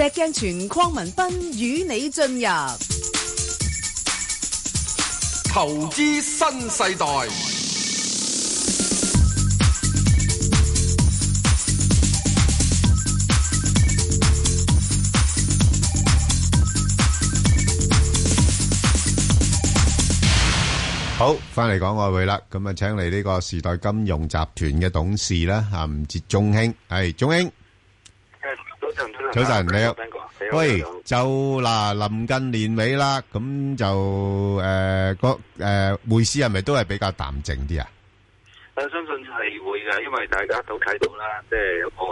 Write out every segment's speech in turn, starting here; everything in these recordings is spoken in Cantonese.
石鏡泉鄺文斌與你進入投資新世代。好，翻嚟講外匯啦，咁啊，請嚟呢個時代金融集團嘅董事啦，啊，吳捷鍾兄，係鍾兄。早晨，你好。喂，就嗱，臨近年尾啦，咁就誒、呃，個誒，匯市係咪都係比較淡靜啲啊？我、呃、相信係會噶，因為大家都睇到啦，即係有個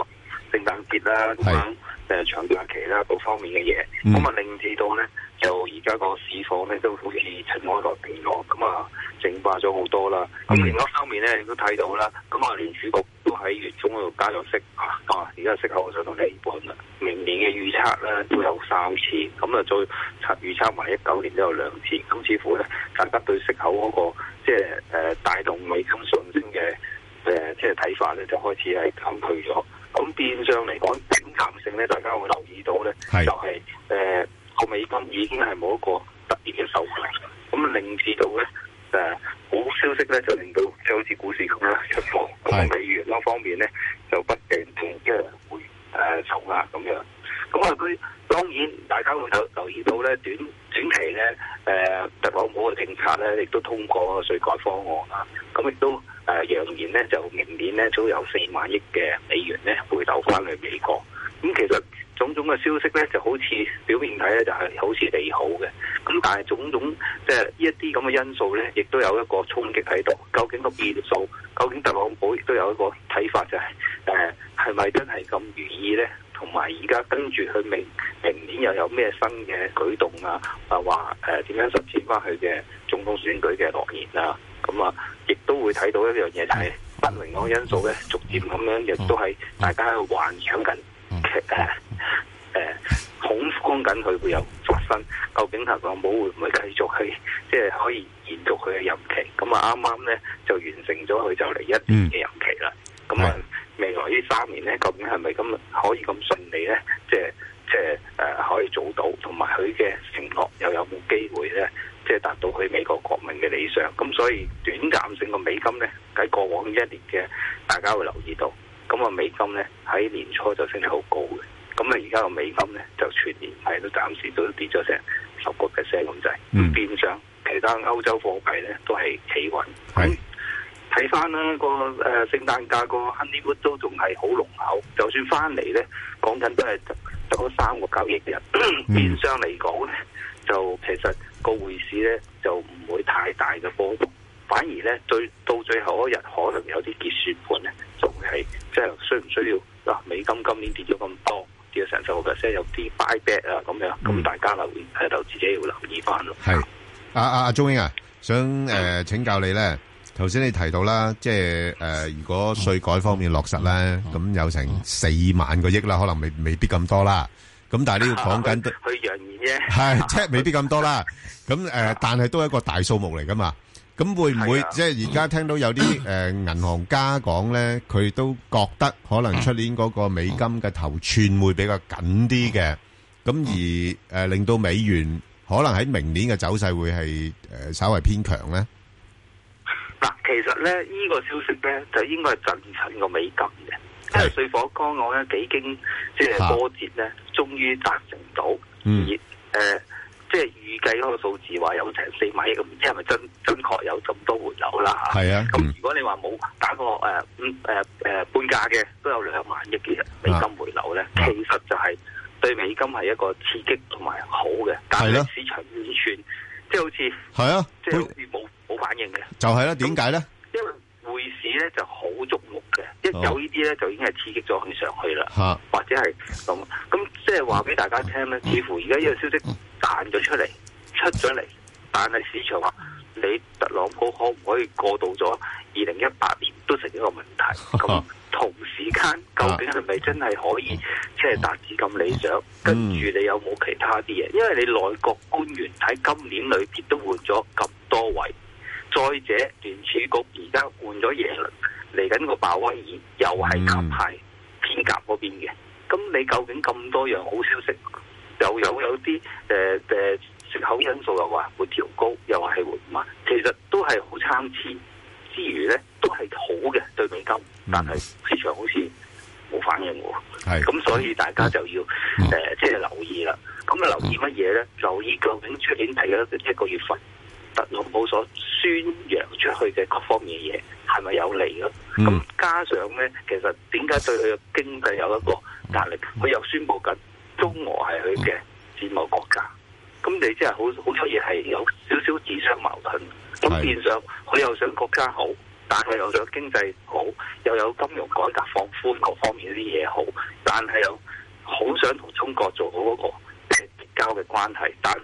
聖誕節啦，咁樣誒長假期啦，其他各方面嘅嘢，咁啊令至到咧。就而家個市況咧，都好似塵埃落地，咁啊淨化咗好多啦。咁另一方面咧，亦都睇到啦。咁啊，聯儲局都喺月中嗰度加咗息啊，而家息口我就同你一半啦。明年嘅預測咧都有三次，咁啊再預測埋一九年都有兩次。咁似乎咧，大家對息口嗰個即係誒帶動美金上升嘅誒，即係睇法咧，就開始係減退咗。咁變相嚟講，敏感性咧，大家會留意到咧，就係誒。個美金已經係冇一個特別嘅收盤，咁令至到咧誒、呃、好消息咧就令到即係好似股市咁啦，出貨同美元嗰方面咧就不停停即係回誒受、呃、壓咁樣。咁啊，佢當然大家會留留意到咧，短短期咧誒、呃、特朗普嘅政策咧亦都通過個稅改方案啦，咁亦都誒揚言咧就明年咧都有四萬億嘅美元咧回流翻去美國，咁其實。種種嘅消息咧，就好似表面睇咧就係好似利好嘅，咁但係種種即係、就是、一啲咁嘅因素咧，亦都有一個衝擊喺度。究竟個變數，究竟特朗普亦都有一個睇法，就係誒係咪真係咁如意咧？同埋而家跟住佢明明年又有咩新嘅舉動啊？啊話誒點樣實踐翻佢嘅總統選舉嘅諾言啊？咁啊，亦都會睇到一樣嘢，就係、是、不明朗嘅因素咧，逐漸咁樣亦都係大家喺度幻想緊誒。呃恐慌緊，佢會有發生。究竟特朗普會唔會繼續去，即係可以延續佢嘅任期？咁啊，啱啱咧就完成咗，佢就嚟一年嘅任期啦。咁啊、嗯嗯，未來呢三年咧，究竟係咪咁可以咁順利咧？即係即係誒、呃，可以做到，同埋佢嘅承諾又有冇機會咧？即係達到佢美國國民嘅理想。咁所以短暫性嘅美金咧，喺過往一年嘅，大家會留意到。咁啊，美金咧喺年初就升得好高嘅。咁啊！而家個美金咧，就全年係都暫時都跌咗成十個 percent 咁滯。嗯，mm. 變相其他歐洲貨幣咧都係企穩。係睇翻咧個誒、呃、聖誕假個 Hundibud 都仲係好濃厚，就算翻嚟咧，講緊都係得得三個交易日。Mm. 變相嚟講咧，就其實個匯市咧就唔會太大嘅波動，反而咧最到最後嗰日可能有啲結算盤咧，仲係即係需唔需要嗱、啊？美金今年跌咗咁多。要成十個 percent 有啲 buyback 啊咁樣，咁大家留意，自己要留意翻咯。係，阿阿阿鍾英啊，想誒請教你咧，頭先你提到啦，即係誒如果稅改方面落實咧，咁有成四萬個億啦，可能未未必咁多啦。咁但係呢個講緊去揚言啫，係即係未必咁多啦。咁誒，但係都係一個大數目嚟噶嘛。咁會唔會即係而家聽到有啲誒銀行家講咧，佢都覺得可能出年嗰個美金嘅頭寸會比較緊啲嘅，咁而誒令到美元可能喺明年嘅走勢會係誒稍微偏強咧。嗱，其實咧呢個消息咧就應該係震懾個美金嘅，因為水火剛剛咧幾經即係波折咧，終於達成到而誒。即係預計嗰個數字話有成四萬億咁，唔知係咪真準確有咁多回流啦？係啊，咁如果你話冇打過誒，誒誒半價嘅都有兩萬億嘅美金回流咧，其實就係對美金係一個刺激同埋好嘅。但係咯，市場完全即係好似係啊，即係好似冇冇反應嘅。就係啦，點解咧？因為匯市咧就好矚目嘅，一有呢啲咧就已經係刺激咗佢上去啦，或者係咁。咁即係話俾大家聽咧，似乎而家呢個消息。行咗出嚟，出咗嚟，但係市場話你特朗普可唔可以過渡咗二零一八年都成一個問題。咁同時間究竟係咪真係可以即係達至咁理想？跟住你有冇其他啲嘢？因為你內閣官員喺今年裏邊都換咗咁多位，再者聯儲局而家換咗耶倫，嚟緊個鮑威爾又係近排偏夾嗰邊嘅。咁你究竟咁多樣好消息？又有有啲誒誒出口因素又話會調高，又話係緩慢，其實都係好參差之餘咧，都係好嘅對美金，但係市場好似冇反應，喎是。咁，所以大家就要誒，即係是、呃就是、留意啦。咁啊、嗯，留意乜嘢咧？留意究竟出年第一一個月份，特朗普所宣揚出去嘅各方面嘢係咪有利咯？咁、嗯、加上咧，其實點解對佢嘅經濟有一個。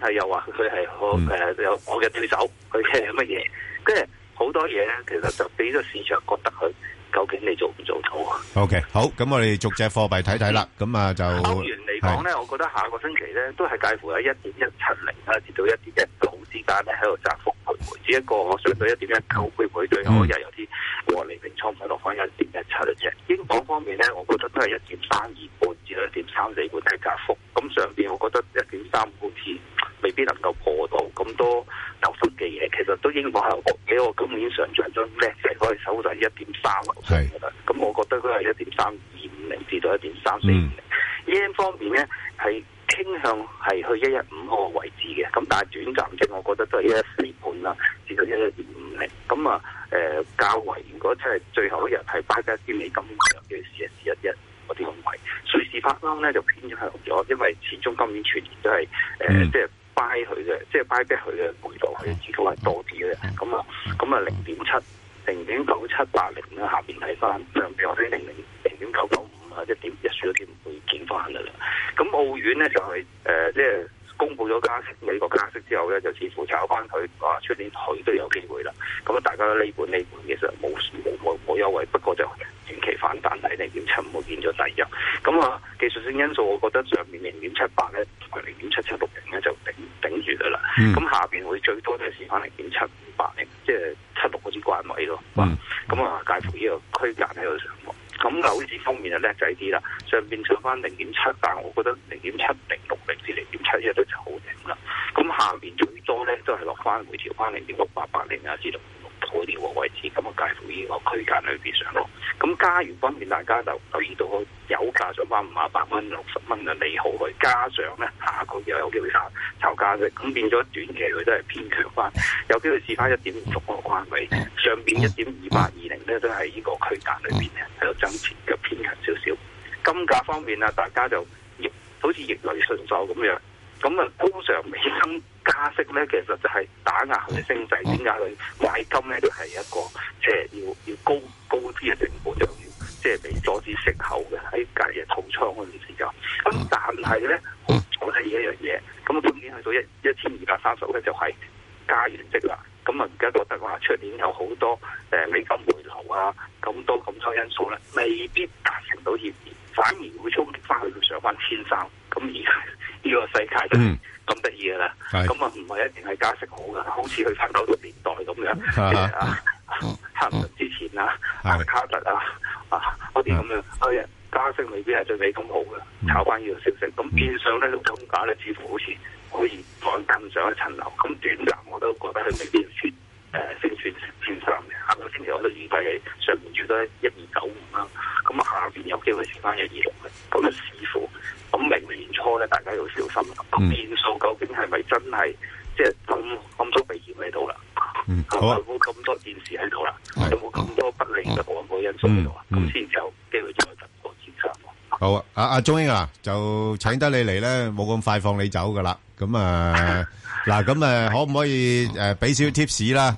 係又話佢係我誒有我嘅對手，佢係乜嘢？跟住好多嘢咧，其實就俾咗市場覺得佢究竟你做唔做到啊？OK，好，咁我哋逐隻貨幣睇睇啦。咁啊就歐元嚟講咧，呢是我覺得下個星期咧都係介乎喺一點一七零啊，至到一點一九。時間咧喺度窄幅徘徊，只不過我上到一點一九唔徊，最後我又有啲獲利平倉唔肯落翻，有一點一七嘅啫。英鎊方面咧，我覺得都係一點三二半至到一點三四半嘅窄幅。咁上邊我覺得一點三好似未必能夠破到咁多流失嘅嘢。其實都英鎊係我喺我今年上漲咗叻嘅，可以守住一點三六落嘅啦。咁我覺得都係一點三二五零至到一點三四嘅。E M 方面咧係。傾向係去一一五五嘅位置嘅，咁但係短暫嘅，我覺得就係一一四盤啦，至到一一五零。咁啊，誒較為，如果真係最後一日係八嘅一啲美金嘅試一試一一，我哋紅圍隨時發生咧就偏向咗，因為始終今年全年都係誒，即係掰佢嘅，即係掰得佢嘅回盪，佢嘅指數係多啲嘅。咁啊，咁啊零點七、零點九七八零啦，下邊睇翻上邊可以零零零點九九。一點一少啲會見翻噶啦，咁澳元咧就係誒，即係公布咗加息，美國加息之後咧，就似乎炒翻佢，啊，出年佢都有機會啦。咁啊，大家呢本呢本其實冇冇冇冇優惠，不過就短期反彈睇零點七五見咗第一。咁啊，技術性因素，我覺得上面零點七八咧同零點七七六零咧就頂頂住噶啦。咁下邊會最多就係試翻零點七五八，即係七六嗰啲關位咯。咁啊，介乎呢個區間喺度咁樓市方面就叻仔啲啦，上邊上翻零點七，但係我覺得零點七零六零至零點七一都就好定啦。咁下邊最多咧都係落翻回調翻零點六八八零啊，至到六毫嘅位置，咁啊介乎呢個區間裏邊上落。咁加元方面，大家就留意到有油價上翻五啊百蚊、六十蚊嘅利好去，加上咧下個月又有機會炒炒價嘅，咁變咗短期佢都係偏強翻，有機會試翻一點五個關位，上邊一點二八二零咧都喺呢個區間裏邊咧喺度增持，又偏強少少。金價方面啊，大家就好似逆來順受咁樣，咁啊通常美金加息咧，其實就係打壓佢升勢，點解佢買金咧。啊，卡特之前啊，阿卡特啊，啊嗰啲咁嘅，佢加息未必係最尾咁好嘅，炒翻呢條消息，咁變相咧，個通價咧似乎好似可以再登上一層樓。咁短暫我都覺得佢未必算誒算算算上嘅，下個星期我都預計係上面住多一二九五啦，咁下邊有機會升翻一二六咁啊，似乎咁明年初咧，大家要小心咁個變數究竟係咪真係即係咁咁嗯，好，有冇咁多件事喺度啦？有冇咁多不利嘅外部因素啊？咁先有機會再突破千三。好啊，阿阿鍾兄啊，就請得你嚟咧，冇咁快放你走噶啦。咁啊，嗱，咁啊，可唔可以誒，俾少少 tips 啦？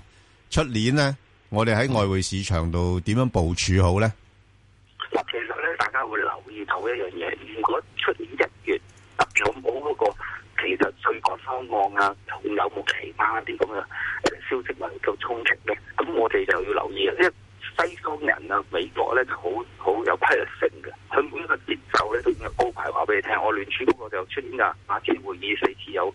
出年咧，我哋喺外匯市場度點樣部署好咧？嗱，其實咧，大家會留意到一樣嘢，如果出年一月特別有冇嗰個，其實稅改方案啊，仲有冇其他一啲咁樣？消息能夠衝擊嘅。咁我哋就要留意啊！因為西方人啊，美國咧就好好有批力性嘅，佢每一個節奏咧都高排話俾你聽。我聯儲嗰個就出緊架八前會議四次有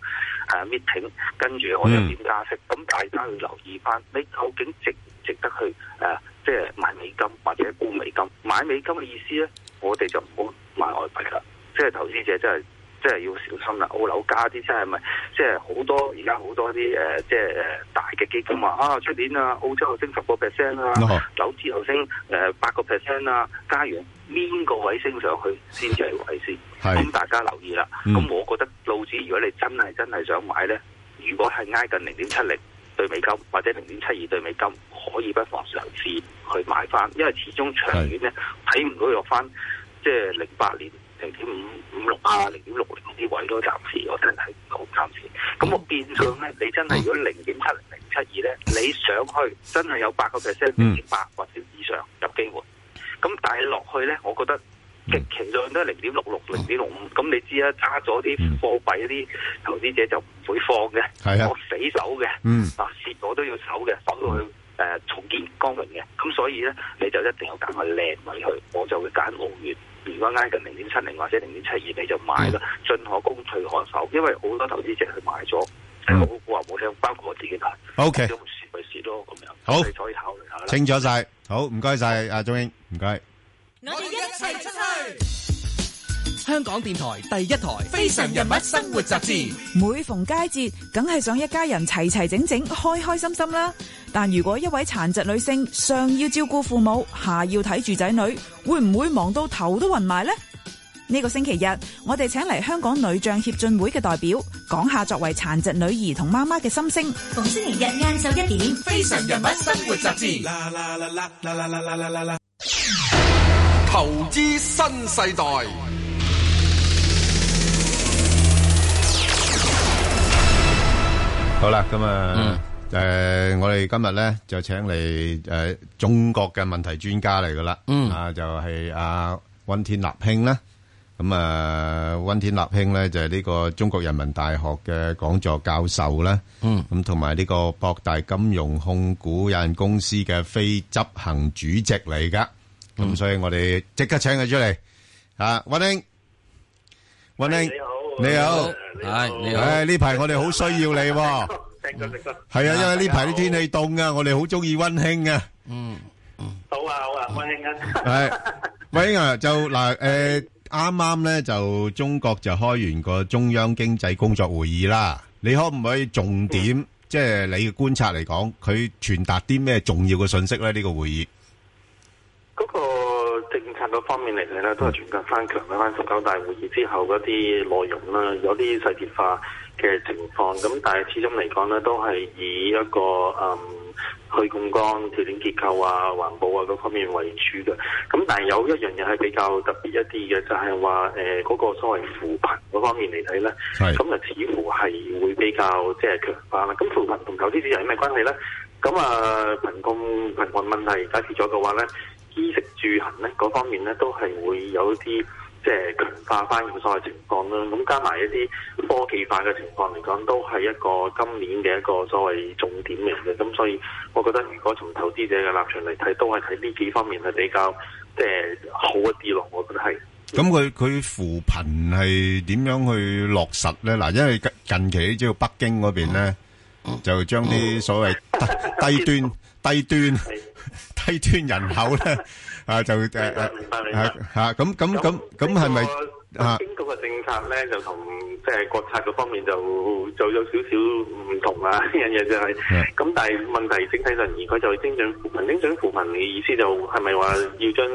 誒 meeting，跟住我就點加息。咁大家要留意翻，你究竟值唔值得去誒，即係買美金或者沽美金？買美金嘅意思咧，我哋就唔好買外幣啦。即係投資者真係。真係要小心啦！澳樓加啲真係咪？即係好多而家好多啲誒，呃，即係誒大嘅基金啊！出年啊，澳洲又升十個 percent 啦，紐紙又升誒八個 percent 啦，加完邊個位升上去先至係位先？咁 是大家留意啦。咁、嗯、我覺得子，樓市如果你真係真係想買呢，如果係挨近零點七零對美金或者零點七二對美金，可以不妨嘗試去買翻，因為始終長遠呢，睇唔是到落翻，即係零八年。零點五五六啊，零點六零啲位都暫時，我真係唔講暫時。咁我變相咧，你真係如果零點七零零七二咧，你上去真係有八個 percent 升八或者以上，有機會。咁但係落去咧，我覺得極其量都係零點六六零點六五。咁你知啦、啊，揸咗啲貨幣啲投資者就唔會放嘅，的我死守嘅，嗯、啊蝕我都要守嘅，守到去誒、呃、重建光明嘅。咁所以咧，你就一定要揀個靚位去，我就會揀澳元。如果挨近零點七零或者零點七二，你就買咯，嗯、進可攻退可守，因為好多投資者去買咗，冇話冇聽，包括我自己都，不時不時都，都唔蝕咪蝕咯，咁又好可以考慮下啦。清楚晒。好唔該晒，阿鍾、啊、英唔該。我哋一齊出去。No, 香港電台第一台《非常人物生活雜誌》，每逢佳節，梗係想一家人齊齊整整，開開心心啦！但如果一位殘疾女性上要照顧父母，下要睇住仔女，會唔會忙到頭都暈埋呢？呢個星期日，我哋請嚟香港女障協進會嘅代表，講下作為殘疾女兒同媽媽嘅心聲。逢星期日晏晝一點，《非常人物生活雜誌》啦。啦啦啦啦啦啦啦啦啦啦！投資新世代。好啦，咁啊，誒，我哋今日咧就請嚟，誒中國嘅問題專家嚟噶啦，啊，就係阿溫天納兄啦。咁啊，溫天納兄咧就係呢個中國人民大學嘅講座教授啦。嗯，咁同埋呢個博大金融控股有限公司嘅非執行主席嚟噶。咁所以，我哋即刻請佢出嚟。啊，溫兄，溫兄。你好，係，誒呢排我哋好需要你，係啊，因為呢排啲天氣凍啊，我哋好中意溫馨啊。嗯，好啊，好啊，溫馨啊。係，溫馨啊，就嗱，誒，啱啱咧就中國就開完個中央經濟工作會議啦。你可唔可以重點，即係你嘅觀察嚟講，佢傳達啲咩重要嘅信息咧？呢個會議。各方面嚟睇咧，都係逐漸翻強，睇翻十九大會議之後嗰啲內容啦，有啲細節化嘅情況。咁但係始終嚟講咧，都係以一個嗯去槓桿調整結構啊、環保啊嗰方面為主嘅。咁但係有一樣嘢係比較特別一啲嘅，就係話誒嗰個所謂扶貧嗰方面嚟睇咧，咁啊是似乎係會比較即係、就是、強化啦。咁扶貧同投資啲有咩關係咧？咁啊貧窮貧困問題解決咗嘅話咧？衣食住行咧嗰方面咧都係會有一啲即係強化翻嘅所謂情況啦，咁加埋一啲科技化嘅情況嚟講，都係一個今年嘅一個所謂重點嚟嘅，咁所以我覺得如果從投資者嘅立場嚟睇，都係喺呢幾方面係比較即係好一啲咯，我覺得係。咁佢佢扶貧係點樣去落實咧？嗱，因為近期即係北京嗰邊咧，嗯、就將啲所謂低端低端。 低端低端人口咧啊就誒，明白你啦，吓咁咁咁咁係咪啊？經過個政策咧，就同即係國策個方面就就有少少唔同啊，呢樣嘢就係咁，但係問題整體上而家就精準扶貧，精準扶貧嘅意思就係咪話要將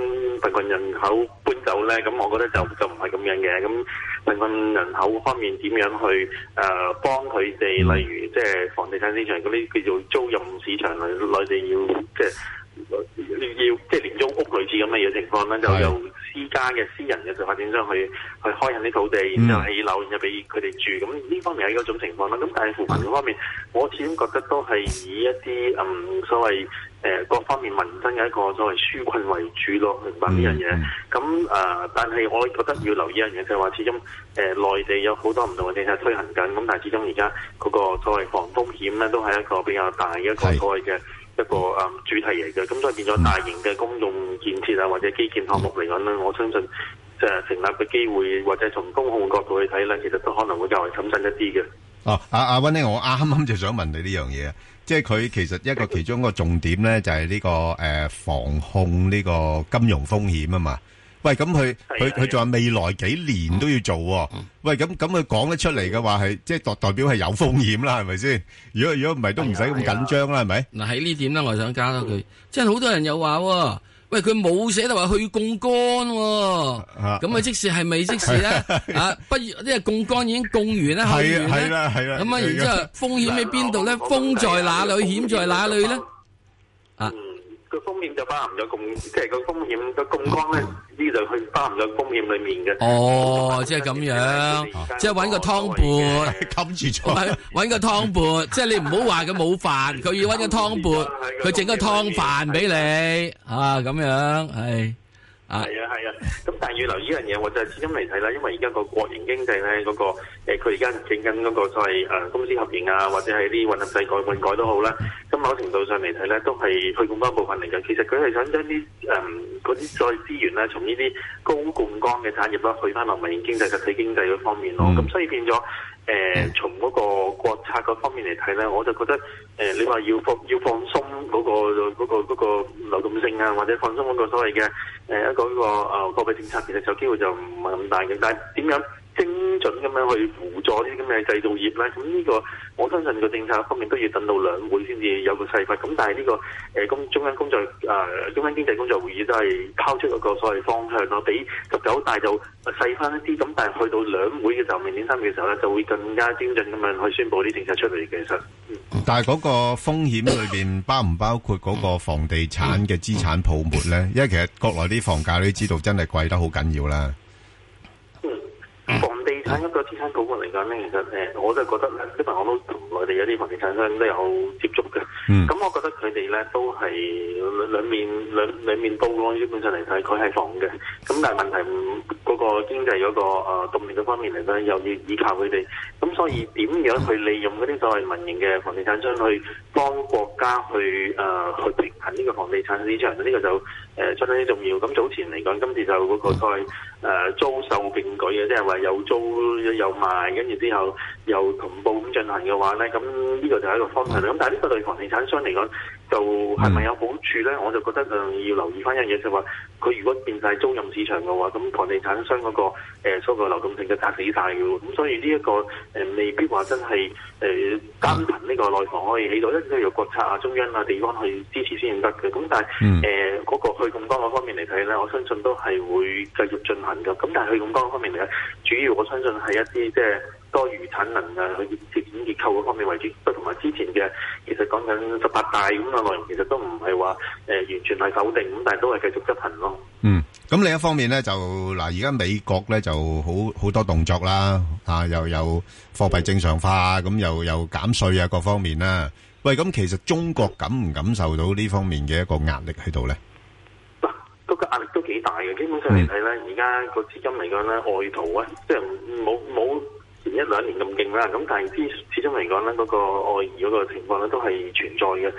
貧困人口搬走咧？咁我覺得就就唔係咁樣嘅。咁貧困人口方面點樣去誒幫佢哋？例如即係房地產市場嗰啲叫做租賃市場內內地要即係。要即係廉租屋類似咁嘅嘢情況咧，是就由私家嘅私人嘅就發展商去去開闢啲土地，然後、嗯、起樓，然後俾佢哋住。咁呢方面係一種情況啦。咁但係扶貧嘅方面，我始終覺得都係以一啲嗯所謂誒、呃、各方面民生嘅一個所謂紓困為主咯。明白呢樣嘢。咁啊、嗯呃，但係我覺得要留意一樣嘢，就係話始終誒、呃、內地有好多唔同嘅政策推行緊。咁但係始終而家嗰個所謂防風險咧，都係一個比較大嘅一個所謂嘅。一個誒、嗯、主題嚟嘅，咁所以變咗大型嘅公用建設啊，或者基建項目嚟講咧，我相信即係成立嘅機會，或者從公控角度去睇咧，其實都可能會較為謹慎一啲嘅。哦，阿阿溫呢，我啱啱就想問你呢樣嘢啊，即係佢其實一個其中一個重點咧，就係、是、呢、這個誒、呃、防控呢個金融風險啊嘛。喂，咁佢佢佢仲話未來幾年都要做，喂，咁咁佢講得出嚟嘅話係，即係代代表係有風險啦，係咪先？如果如果唔係都唔使咁緊張啦，係咪？嗱喺呢點咧，我想加多句，即係好多人又話，喂，佢冇寫到話去槓桿，咁啊即時係咪即時咧？啊，不如即係槓桿已經供完咧，去完咧，咁啊，然之後風險喺邊度咧？風在哪裏？險在哪裏咧？啊，個風險就包含咗供，即係個風險嘅槓桿咧。在風險裡面嘅哦，即係咁樣， 即係揾個湯盤冚住咗，揾 個湯盤， 即係你唔好話佢冇飯，佢 要揾個湯盤，佢整 個湯飯俾你嚇，咁、 啊、樣係。哎係啊，係啊，咁但係要留意依樣嘢，我就係始終嚟睇啦。因為而家個國營經濟咧，嗰、那個佢而家整緊嗰個所謂、呃、公司合營啊，或者係啲混合制改換改都好啦。咁、那、某、個、程度上嚟睇咧，都係去槓桿部分嚟嘅。其實佢係想將啲誒嗰啲再資源咧，從呢啲高槓桿嘅產業啦，去翻民營經濟、實體經濟嗰方面咯。咁、嗯、所以變咗。誒、呃、從嗰個國策嗰方面嚟睇咧，我就覺得誒、呃、你話要放要放鬆嗰、嗰個嗰流動性啊，或者放鬆嗰個所謂嘅誒一個嗰、嗰個啊貨幣政策，其實就機會就唔係咁大嘅。但係點樣？咁咁樣去輔助啲咁嘅製造業咧，咁呢、呢個我相信個政策方面都要等到兩會先至有個細化。咁但係呢、呢個誒工、呃、中央工作誒、呃、中央經濟工作會議都係拋出一個所謂方向咯，比十九大就細翻一啲。咁但係去到兩會嘅時候，明年三月嘅時候咧就會更加精準咁樣去宣佈啲政策出嚟嘅。其實，嗯、但係嗰個風險裏邊包唔包括嗰個房地產嘅資產泡沫咧？因為其實國內啲房價都知道真係貴得好緊要啦、嗯。房。喺、嗯、一個資產保護嚟講咧，其實誒，我都係覺得咧，最近我都同內地一啲房地產商都有接觸嘅。咁我覺得佢哋咧都係兩兩面兩兩面刀，基本上嚟睇，佢係房嘅。咁但係問題唔嗰、嗰個經濟嗰、嗰個誒，動力、呃、方面嚟咧，又要依靠佢哋。咁所以點樣去利用嗰啲所謂民營嘅房地產商去？幫國家去誒、呃、去平衡呢個房地產市場，呢、這個就誒相當之重要。咁早前嚟講，今次就嗰個所謂誒、呃、租售並舉嘅，即係話又租又賣，跟住之後又同步咁進行嘅話咧，咁呢個就係一個方向。咁、嗯、但係呢個對房地產商嚟講，就係、是、咪有好處咧？我就覺得誒、呃、要留意翻一樣嘢，就係話佢如果變晒租賃市場嘅話，咁房地產商嗰、那個收、呃、所謂流動性就砸死晒嘅喎。咁所以呢、這、一個誒、呃、未必話真係誒單憑呢個內房可以起到一。都要由國策啊、中央啊、地方去支持先得嘅。咁但係誒嗰個去槓桿嗰方面嚟睇咧，我相信都係會繼續進行㗎。咁但係去槓桿嗰方面嚟睇，主要我相信係一啲即係多餘產能啊、去調整結構嗰方面為主。同埋之前嘅其實講緊十八大咁嘅內容，其實都唔係話誒完全係否定咁，但係都係繼續執行咯。嗯，咁、嗯、另一方面咧，就嗱而家美國咧就好好多動作啦，啊又有貨幣正常化咁又有減稅啊各方面啦。喂，咁其實中國感唔感受到呢方面嘅一個壓力喺度咧？嗱、啊，嗰、這個壓力都幾大嘅，基本上嚟睇咧，而家個資金嚟講咧，外逃啊，即係冇冇前一兩年咁勁啦。咁但係之始終嚟講咧，嗰、那個外移嗰個情況咧都係存在嘅。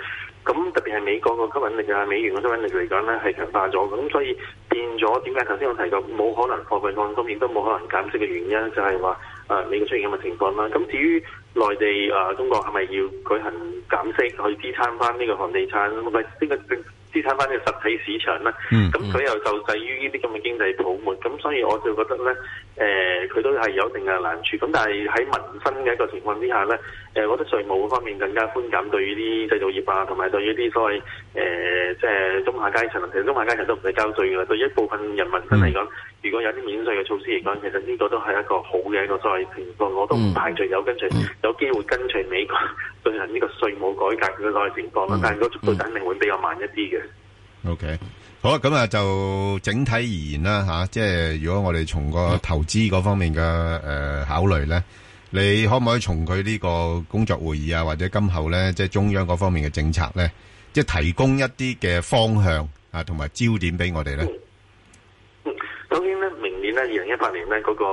咁特別係美國個吸引力啊，美元嘅吸引力嚟講咧係強化咗。咁所以變咗點解頭先我提過冇可能貨幣貶倉，亦都冇可能減息嘅原因，就係、是、話。誒美國出現咁嘅情況啦，咁至於內地誒、呃、中國係咪要舉行減息去支撐翻呢個房地產，或咪呢個支撐翻嘅實體市場咧？咁佢、嗯、又受制於呢啲咁嘅經濟泡沫，咁所以我就覺得咧。誒佢、呃、都係有一定嘅難處，咁但係喺民生嘅一個情況之下咧，誒、呃、我覺得稅務方面更加寬減對於啲製造業啊，同埋對於啲所謂誒、呃、即係中下階層，其實中下階層都唔使交稅嘅，對於一部分人民生嚟講，嗯、如果有啲免稅嘅措施嚟講，其實呢個都係一個好嘅一個所謂情況，我都唔排除有跟隨、嗯、有機會跟隨美國進行呢個稅務改革嘅所謂情況，但係個速度肯定會比較慢一啲嘅。OK，好啦，咁啊，就整體而言啦，吓，即係如果我哋從個投資嗰方面嘅誒考慮咧，你可唔可以從佢呢個工作會議啊，或者今後咧，即係中央嗰方面嘅政策咧，即係提供一啲嘅方向啊，同埋焦點俾我哋咧？嗯，首先咧，明年咧，二零一八年咧，嗰個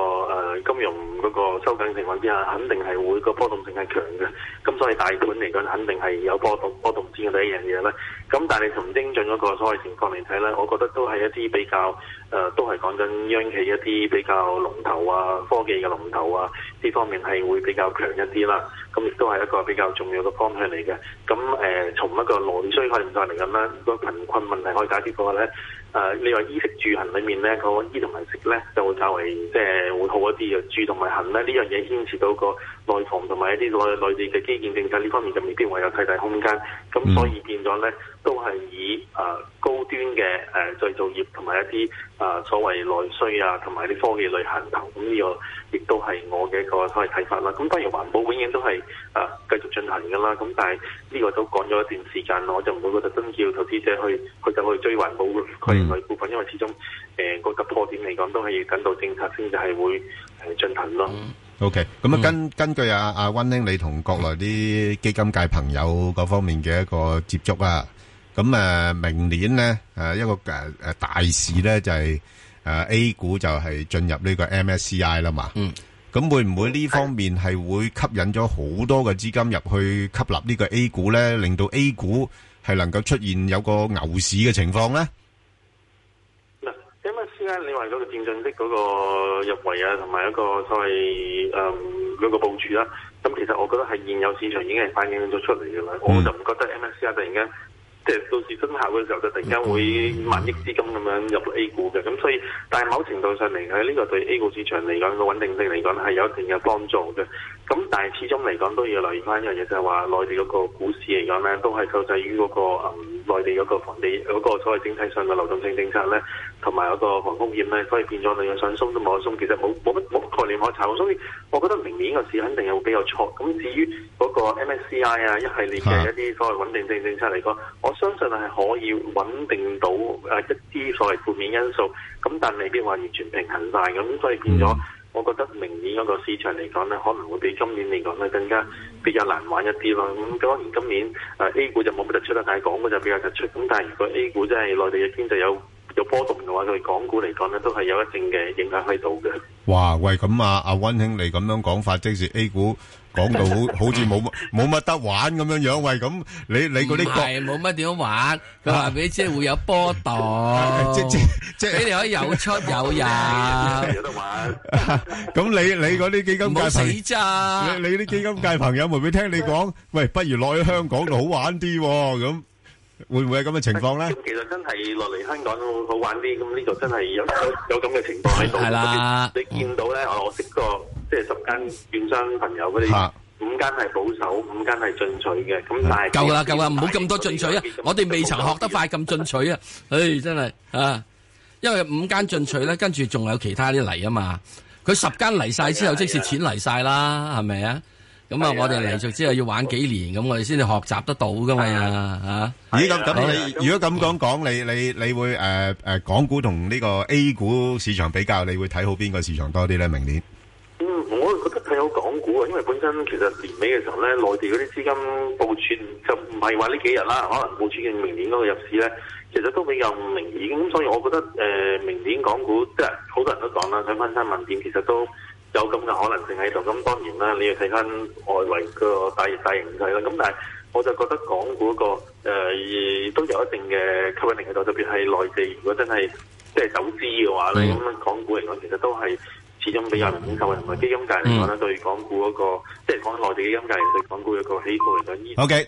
誒金融嗰個收緊情況之下，肯定係會個波動性係強嘅，咁所以大盤嚟講，肯定係有波動波動之嘅第一樣嘢咧。咁但係從精俊嗰個所謂情況嚟睇咧，我覺得都係一啲比較，誒、呃、都係講緊央企一啲比較龍頭啊、科技嘅龍頭啊，呢方面係會比較強一啲啦。咁亦都係一個比較重要嘅方向嚟嘅。咁、嗯、誒、呃、從一個內需方面嚟講咧，如果貧困問題可以解決嘅話咧，誒、呃、你話衣食住行裏面咧，嗰衣同埋食咧就會較為即係、就是、會好一啲嘅，住同埋行咧呢樣嘢牽涉到個內房同埋一啲所謂內地嘅基建政策呢方面就未必會有太大空間，咁、嗯、所以變咗咧都係以誒、呃、高端嘅誒製造業同埋一啲誒、呃、所謂內需啊，同埋啲科技類行頭，咁呢個亦都係我嘅一個所謂睇法啦。咁當然環保永遠都係誒、呃、繼續進行噶啦，咁但係呢個都講咗一段時間，我就唔會覺得增叫投資者去佢就去，去追環保佢類股份，因為始終誒、呃、個突破點嚟講都係要等到政策先至係會誒、呃、進行咯。嗯。O K，咁啊，根根據阿阿温兄，你同國內啲基金界朋友嗰方面嘅一個接觸啊，咁誒，明年咧誒，一個誒誒大市咧就係誒 A 股就係進入呢個 M S C I 啦嘛。嗯。咁會唔會呢方面係會吸引咗好多嘅資金入去吸納呢個 A 股咧，令到 A 股係能夠出現有個牛市嘅情況咧？而家你話嗰個戰訊息嗰個入圍啊，同埋一個所謂誒，兩、嗯嗰個部署啦，咁、嗯、其實我覺得係現有市場已經係反映咗出嚟嘅啦，我就唔覺得 MSCI 突然間。即係 到時生效嘅時候，就突然間會萬億資金咁樣入到 A 股嘅，咁、嗯、所以，但係某程度上嚟，喺、這、呢個對 A 股市場嚟講個穩定性嚟講係有一定嘅幫助嘅。咁、嗯、但係始終嚟講都要留意返一樣嘢，就係、是、話內地嗰個股市嚟講咧，都係受制於嗰、那個誒內、呃、地嗰個房地嗰、那個所謂整體上嘅流動性政策咧，同埋嗰個防風險咧，所以變咗你想鬆都冇得鬆。其實冇冇乜概念可炒。所以我覺得明年個市肯定有比較錯。咁至於嗰個 MSCI 啊，一系列嘅一啲所謂穩定性政策嚟講， 相信係可以穩定到誒一啲所謂負面因素，咁但未必話完全平衡晒。咁，所以變咗，嗯、我覺得明年嗰個市場嚟講呢，可能會比今年嚟講呢更加比較難玩一啲咯。咁、嗯、當然今年誒 A 股就冇乜突出啦，但係港股就比較突出。咁但係如果 A 股真係內地嘅經濟有有波動嘅話，佢、對、港股嚟講呢，都係有一定嘅影響喺度嘅。哇，喂，咁啊，阿温兄你咁樣講法，即係 A 股。講到好好似冇冇乜得玩咁樣樣，喂咁你你嗰啲係冇乜點樣玩？佢話俾即係會有波動，即係即係你哋可以有出有入，有得玩。咁你你嗰啲基金界冇死咋？你你啲基金界朋友會唔會聽你講？喂，不如落去香港就好玩啲咁，會唔會係咁嘅情況咧？其實真係落嚟香港好玩啲，咁呢度真係有有有咁嘅情況喺度。係啦，你見到咧，我我識個。即係十間券商朋友嗰啲，五間係保守，五間係進取嘅。咁但係夠啦，夠啦，唔好咁多進取啊！我哋未曾學得快咁進取啊！唉，真係啊，因為五間進取咧，跟住仲有其他啲嚟，啊嘛。佢十間嚟晒之後，即是錢嚟晒啦，係咪啊？咁啊，我哋嚟熟之後要玩幾年咁，我哋先至學習得到噶嘛？啊，咦？咁咁，你如果咁講講，你你你會誒誒港股同呢個 A 股市場比較，你會睇好邊個市場多啲咧？明年？覺得睇好港股啊，因為本身其實年尾嘅時候咧，內地嗰啲資金部署就唔係話呢幾日啦，可能部署嘅明年嗰個入市咧，其實都比較明顯。咁所以，我覺得誒明年港股即係好多人都講啦，想翻三萬點，其實都有咁嘅可能性喺度。咁當然啦，你要睇翻外圍個大熱大形勢啦。咁但係我就覺得港股個誒、呃、都有一定嘅吸引力喺度，特別係內地如果真係即係走資嘅話咧，咁樣港股嚟講其實都係。始終俾人民接受，同埋基金界嚟講咧，對港股嗰、嗰個， 即係講內地基金界嚟講，對港股有個起步嚟講，依。Okay.